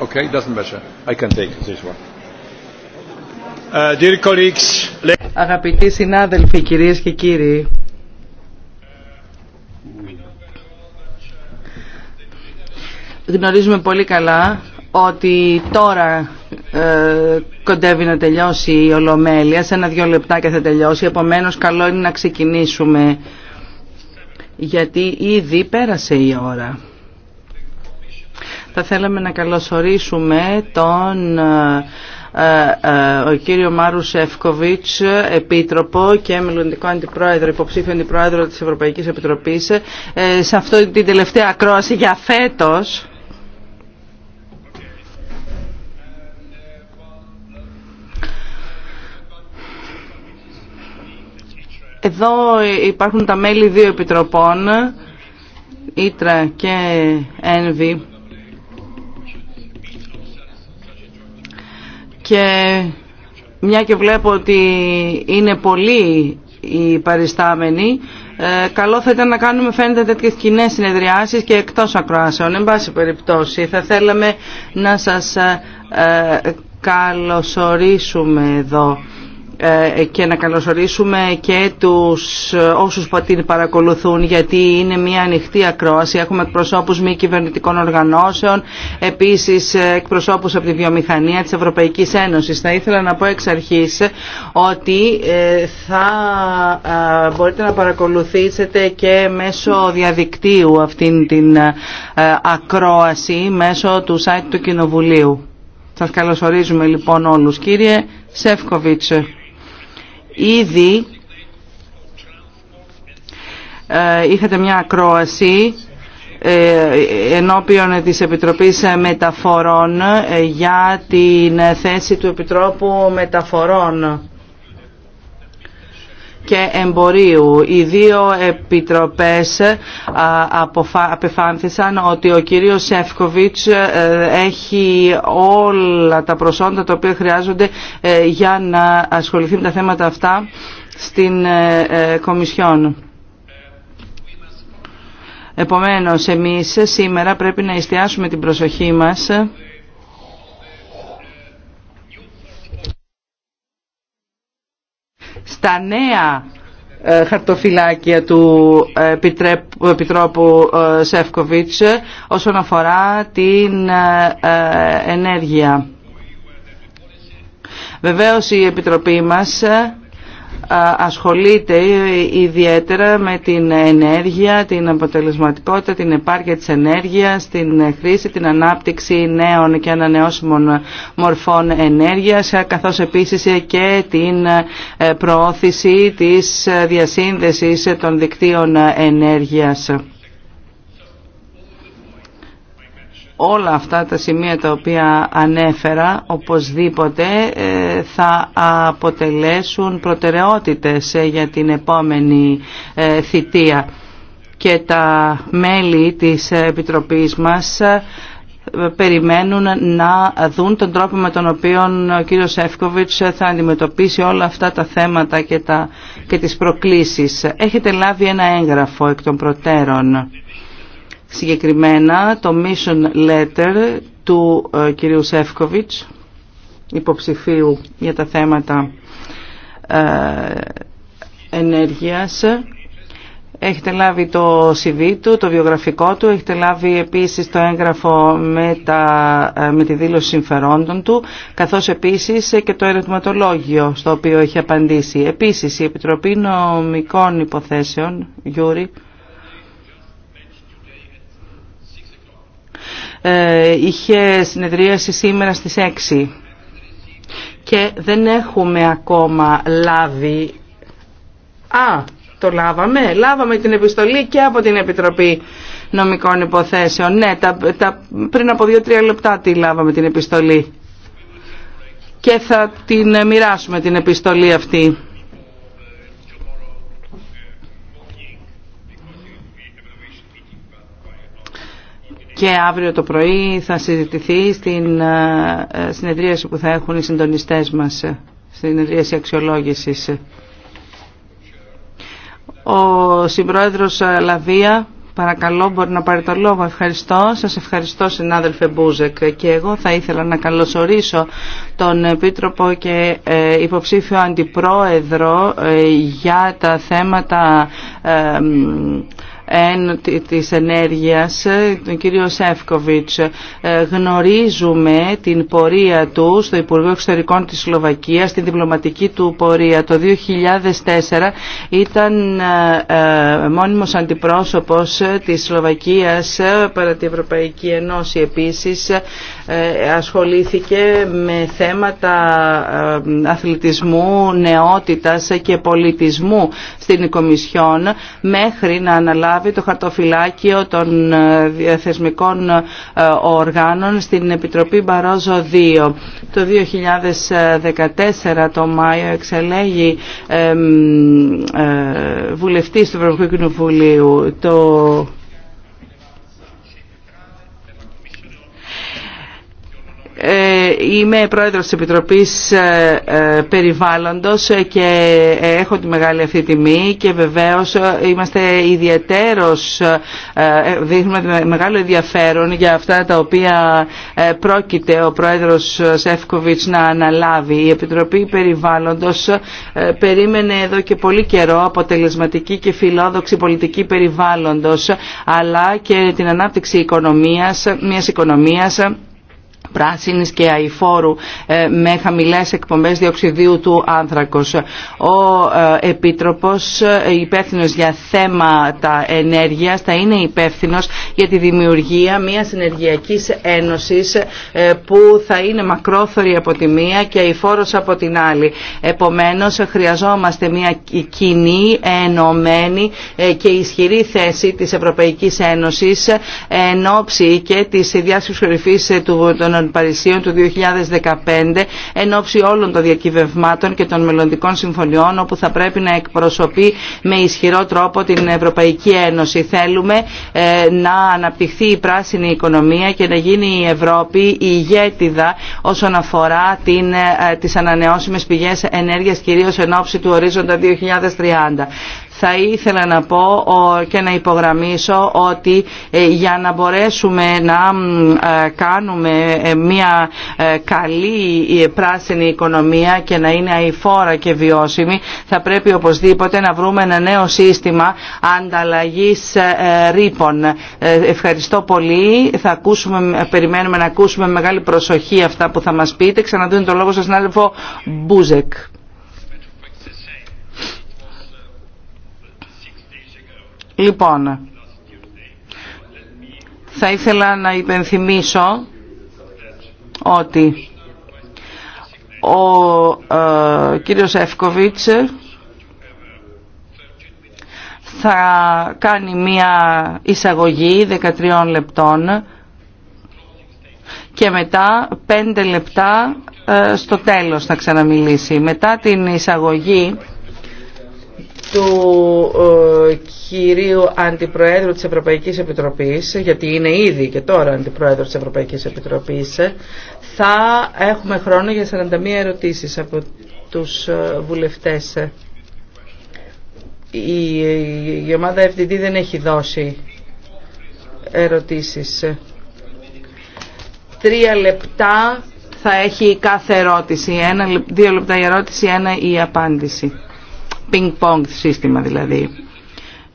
Okay, doesn't matter. I can take this one. Uh, Αγαπητοί συνάδελφοι, κυρίες και κύριοι, γνωρίζουμε πολύ καλά ότι τώρα ε, κοντεύει να τελειώσει η Ολομέλεια, σε ένα-δυο και θα τελειώσει, επομένως καλό είναι να ξεκινήσουμε, γιατί ήδη πέρασε η ώρα. Θα θέλαμε να καλωσορίσουμε τον ε, ε, ε, ο κύριο Μάρου Σεφκοβίτς, επίτροπο και μελλοντικό αντιπρόεδρο, υποψήφιο αντιπρόεδρο της Ευρωπαϊκής Επιτροπής, σε αυτή την τελευταία ακρόαση για φέτος. Εδώ υπάρχουν τα μέλη δύο επιτροπών, Ήτρα και Ένβη Και μια και βλέπω ότι είναι πολύ οι παριστάμενοι, ε, καλό θα ήταν να κάνουμε φαίνεται τέτοιες κοινέ συνεδριάσεις και εκτός ακροάσεων. Εν πάση περιπτώσει, θα θέλαμε να σας ε, ε, καλωσορίσουμε εδώ. Ε, και να καλωσορίσουμε και τους ε, όσους την παρακολουθούν γιατί είναι μια ανοιχτή ακρόαση. Έχουμε εκπροσώπους μη κυβερνητικών οργανώσεων, επίσης ε, εκπροσώπους από τη βιομηχανία της Ευρωπαϊκής Ένωσης. Θα ήθελα να πω εξ αρχής ότι θα μπορείτε να παρακολουθήσετε και μέσω διαδικτύου αυτήν την ακρόαση, μέσω του site του Κοινοβουλίου. Σας καλωσορίζουμε λοιπόν όλους. Κύριε Σεύκοβιτς. Ήδη ε, είχατε μια ακρόαση ε, ενώπιον της Επιτροπής Μεταφορών ε, για την θέση του Επιτρόπου Μεταφορών και Εμπορίου. Οι δύο επιτροπές ε, απεφάνθησαν ότι ο κύριος Σεύκοβιτς ε, έχει όλα τα προσόντα τα οποία χρειάζονται ε, για να ασχοληθεί με τα θέματα αυτά στην Κομισιόν. Επομένως, εμείς σήμερα πρέπει να εστιάσουμε την προσοχή μας στα νέα ε, χαρτοφυλάκια του ε, Επιτρόπου ε, Σεύκοβιτς όσον αφορά την ενέργεια. Βεβαίως η Επιτροπή μας ασχολείται ιδιαίτερα με την ενέργεια, την αποτελεσματικότητα, την επάρκεια της ενέργειας, την χρήση, την ανάπτυξη νέων και ανανεώσιμων μορφών ενέργειας, καθώς επίσης και την ε, προώθηση της διασύνδεσης των δικτύων ενέργειας. όλα αυτά τα σημεία τα οποία ανέφερα οπωσδήποτε ε, θα αποτελέσουν προτεραιότητες ε, για την επόμενη ε, θητεία και τα μέλη της Επιτροπής μας περιμένουν να δουν τον τρόπο με τον οποίο ο κύριος Εύκοβιτς θα αντιμετωπίσει όλα αυτά τα θέματα και, τα, και τις προκλήσεις. Έχετε λάβει ένα έγγραφο εκ των προτέρων συγκεκριμένα το mission letter του ε, κυρίου Σεύκοβιτς, υποψηφίου για τα θέματα ε, ενέργειας. Έχετε λάβει το CV του, το βιογραφικό του, έχετε λάβει επίσης το έγγραφο με, τα, ε, με τη δήλωση συμφερόντων του, καθώς επίσης και το ερωτηματολόγιο στο οποίο έχει απαντήσει. Επίσης η Επιτροπή Νομικών Υποθέσεων, Γιούρι, Ε, είχε συνεδρίαση σήμερα στις 6 και δεν έχουμε ακόμα λάβει... Α, το λάβαμε. Λάβαμε την επιστολή και από την Επιτροπή Νομικών Υποθέσεων. Ναι, τα, τα, πριν από δύο-τρία λεπτά τη λάβαμε την επιστολή. Και θα την μοιράσουμε την επιστολή αυτή. και αύριο το πρωί θα συζητηθεί στην ε, συνεδρίαση που θα έχουν οι συντονιστές μας, στην ε, συνεδρίαση αξιολόγησης. Ο συμπρόεδρος Λαβία, παρακαλώ, μπορεί να πάρει το λόγο. Ευχαριστώ. Σας ευχαριστώ συνάδελφε Μπούζεκ και εγώ θα ήθελα να καλωσορίσω τον Επίτροπο και ε, υποψήφιο Αντιπρόεδρο για τα θέματα της ενέργειας, τον κύριο Σεύκοβιτς. Ε, γνωρίζουμε την πορεία του στο Υπουργείο Εξωτερικών της Σλοβακίας, την διπλωματική του πορεία. Το 2004 ήταν ε, ε, μόνιμος αντιπρόσωπος της Σλοβακίας παρά την Ευρωπαϊκή Ενώση. Επίσης ασχολήθηκε με θέματα αθλητισμού, νεότητας και πολιτισμού στην Κομισιόν μέχρι να αναλάβει λάβει το χαρτοφυλάκιο των ε, Διαθεσμικών ε, οργάνων στην Επιτροπή Μπαρόζο 2. Το 2014 το Μάιο εξελέγει ε, βουλευτής του Ευρωπαϊκού Κοινοβουλίου. Το Ε, είμαι πρόεδρος της Επιτροπής ε, ε, Περιβάλλοντος και έχω τη μεγάλη αυτή τιμή και βεβαίως είμαστε ιδιαίτερος, δείχνουμε μεγάλο ενδιαφέρον για αυτά τα οποία πρόκειται ο πρόεδρος Σεύκοβιτς να αναλάβει. Η Επιτροπή Περιβάλλοντος περίμενε εδώ και πολύ καιρό αποτελεσματική και φιλόδοξη πολιτική περιβάλλοντος αλλά και την ανάπτυξη οικονομίας, μιας οικονομίας πράσινης και αηφόρου ε, με χαμηλές εκπομπές διοξιδίου του άνθρακος. Ο ε, Επίτροπος ε, υπεύθυνο για θέματα ενέργειας θα είναι υπεύθυνο για τη δημιουργία μιας ενεργειακής ένωσης που θα είναι μακρόθωρη από τη μία και αηφόρος από την άλλη. Επομένως χρειαζόμαστε μια κοινή, ενωμένη και ισχυρή θέση της Ευρωπαϊκής Ένωσης εν και της των Παρισίων του 2015 εν ώψη όλων των διακυβευμάτων και των μελλοντικών συμφωνιών όπου θα πρέπει να εκπροσωπεί με ισχυρό τρόπο την Ευρωπαϊκή Ένωση. Θέλουμε ε, να αναπτυχθεί η πράσινη οικονομία και να γίνει η Ευρώπη η ηγέτιδα όσον αφορά την, ε, τις ανανεώσιμες πηγές ενέργειας κυρίως εν ώψη του ορίζοντα 2030 θα ήθελα να πω και να υπογραμμίσω ότι ε, για να μπορέσουμε να κάνουμε μια ε, καλή ε, πράσινη οικονομία και να είναι αηφόρα και βιώσιμη θα πρέπει οπωσδήποτε να βρούμε ένα νέο σύστημα ανταλλαγής ε, ρήπων. Ευχαριστώ πολύ. Θα ακούσουμε, περιμένουμε να ακούσουμε μεγάλη προσοχή αυτά που θα μας πείτε. Ξαναδούν το λόγο σας να Μπούζεκ. Λοιπόν, θα ήθελα να υπενθυμίσω ότι ο ε, κύριος Εύκοβιτς θα κάνει μία εισαγωγή 13 λεπτών και μετά 5 λεπτά ε, στο τέλος θα ξαναμιλήσει. Μετά την εισαγωγή του ε, κυρίου Αντιπροέδρου της Ευρωπαϊκής Επιτροπής, γιατί είναι ήδη και τώρα Αντιπρόεδρος της Ευρωπαϊκής Επιτροπής, θα έχουμε χρόνο για 41 ερωτήσεις από τους ε, βουλευτές. Η, η, η ομάδα FDD δεν έχει δώσει ερωτήσεις. Τρία λεπτά θα έχει κάθε ερώτηση. Ένα, δύο λεπτά η ερώτηση, ένα η απάντηση ping-pong σύστημα δηλαδή.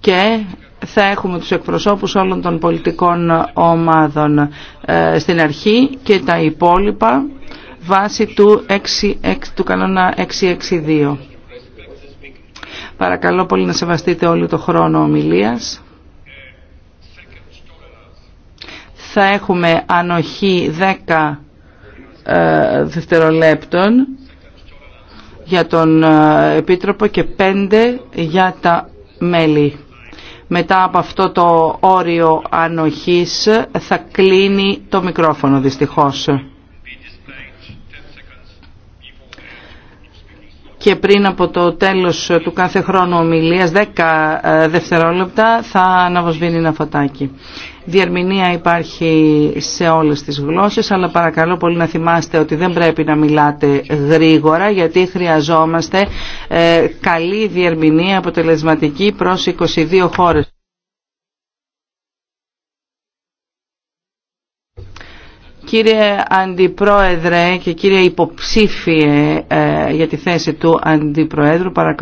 Και θα έχουμε τους εκπροσώπους όλων των πολιτικών ομάδων ε, στην αρχή και τα υπόλοιπα βάσει του, 6, του κανόνα 662. Παρακαλώ πολύ να σεβαστείτε όλο το χρόνο ομιλίας. Θα έχουμε ανοχή 10 ε, δευτερολέπτων για τον ε, Επίτροπο και 5 για τα μέλη. Μετά από αυτό το όριο ανοχής θα κλείνει το μικρόφωνο δυστυχώς. και πριν από το τέλος του κάθε χρόνου ομιλίας, 10 ε, δευτερόλεπτα, θα αναβοσβήνει ένα φωτάκι. Διερμηνία υπάρχει σε όλες τις γλώσσες, αλλά παρακαλώ πολύ να θυμάστε ότι δεν πρέπει να μιλάτε γρήγορα, γιατί χρειαζόμαστε ε, καλή διερμηνία αποτελεσματική προς 22 χώρες. Κύριε Αντιπρόεδρε και κύριε υποψήφιε ε, για τη θέση του Αντιπροέδρου, παρακαλώ.